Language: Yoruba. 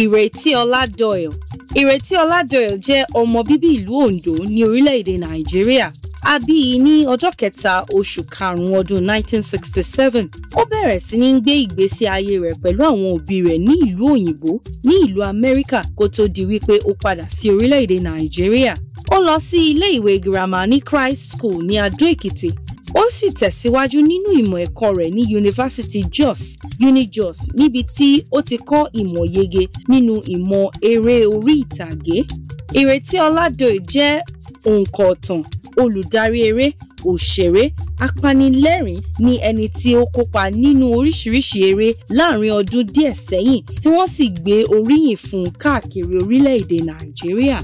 Ìrètí Ọládọ̀yọ̀ Ìrètí Ọládọ̀yọ̀ jẹ́ ọmọ bíbí ìlú Oǹdó ní orílẹ̀-èdè Nàìjíríà. A bí i ní ọjọ́ kẹta oṣù karùn-ún ọdún 1967. Ó bẹ̀rẹ̀ sí ní gbé ìgbésí ayé rẹ̀ pẹ̀lú àwọn òbí rẹ̀ ní ìlú òyìnbó ní ìlú Amẹ́ríkà kó tó di wípé ó padà sí orílẹ̀-èdè Nàìjíríà. Ó lọ sí ilé ìwé girama ní Christ School ní Adó-Èkìtì ó sì tẹ̀síwájú nínú ìmọ̀ ẹ̀kọ́ rẹ̀ ní yunifásitì Jos UniJos níbi tí ó ti kọ́ ìmọ̀ yege nínú ìmọ̀ eré orí ìtàgé Ìrètí Ọládòì jẹ́ òǹkọ̀ọ̀tàn olùdarí eré òṣèré apanilẹ́rìn ni ẹni tí ó kópa nínú oríṣiríṣi eré láàrin ọdún díẹ̀ sẹ́yìn tí wọ́n sì gbé oríyìn fún káàkiri orílẹ̀-èdè Nàìjíríà.